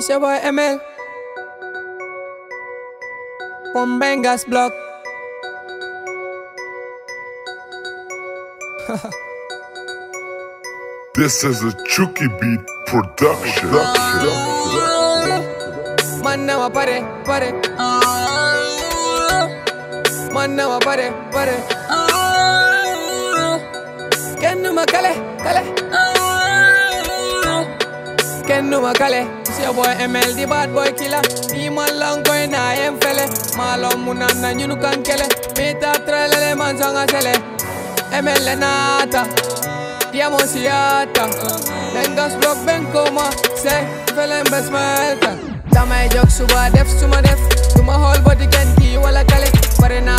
It's your boy ML from Block. this is a Chucky Beat production. Man, now I party, party. Man, now I party, party. kale, kale. Kenuma kale. It's your boy ML, the bad boy killer. Ni man lang ko na em malong Malom munan na nyunu kan kele. Meta trelele man sanga sele. ML nata. Diamo siata. Lengas block ben coma. Se fele besmelta. Damay jog suba def suma def. Tuma whole body can ki wala kale. Pare na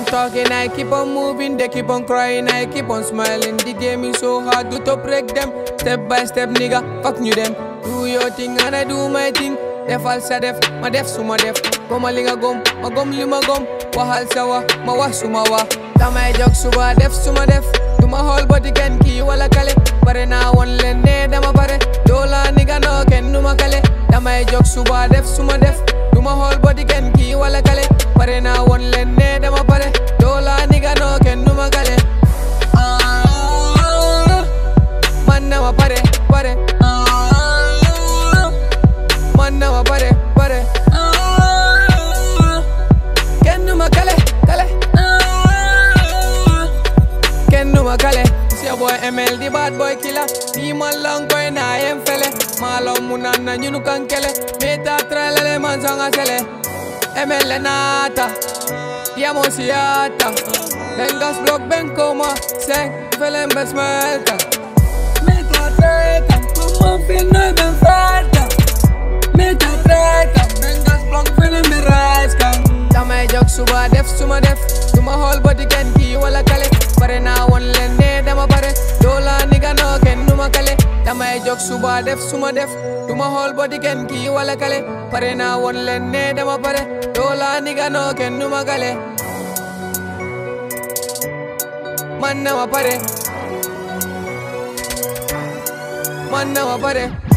on talking, I keep on moving, they keep on crying, I keep on smiling. The game is so hard, good to break them. Step by step, nigga, fuck new them. Do your thing and I do my thing. Def alsa def, ma def suma def. Goma linga gom, ma gom lima gom. Wahal sawa, ma wa suma wa. Tama jog suba def suma def. Do my whole body can ki wala kale. Pare na one ne, lene eh, dama pare. Dola nigga no ken numa kale. Tama jog suba def suma def. Do my whole body can ki wala kale pare. ಪರೆ ನಾ ಒನ್ಲೆನ್ನೇ ನಮ ಪರೆ Dhola ನಿಗನೋ ಕೆನ್ನು ಮಗಲೆ Mannava pare. ಪರೆ Mannava ಪರೆ ಪರೆ ಕೆನ್ನು ಮಕ್ಕಳೆ ಕಲೆ ಕೆನ್ನು ಮಕ್ಕಳೆ your boy ML, the bad boy killer. Team along going, I am fele. Malom munan na nyunu kankele. Meta tralele man sanga sele. Emelenata, diamosiata. Vengas blog, ven como se velen besmelta. Me te atracan, como fino y me falta. Me te bengas vengas blog, velen me rascan. Dame jok suba def, suma def. Do my whole body can give you all a calip. But now one lens. jog suba def suma def duma xool body kenn kii wala kale pare na won leen ne dama pare doola ni ganoo kenn duma gale man na ma pare man na ma pare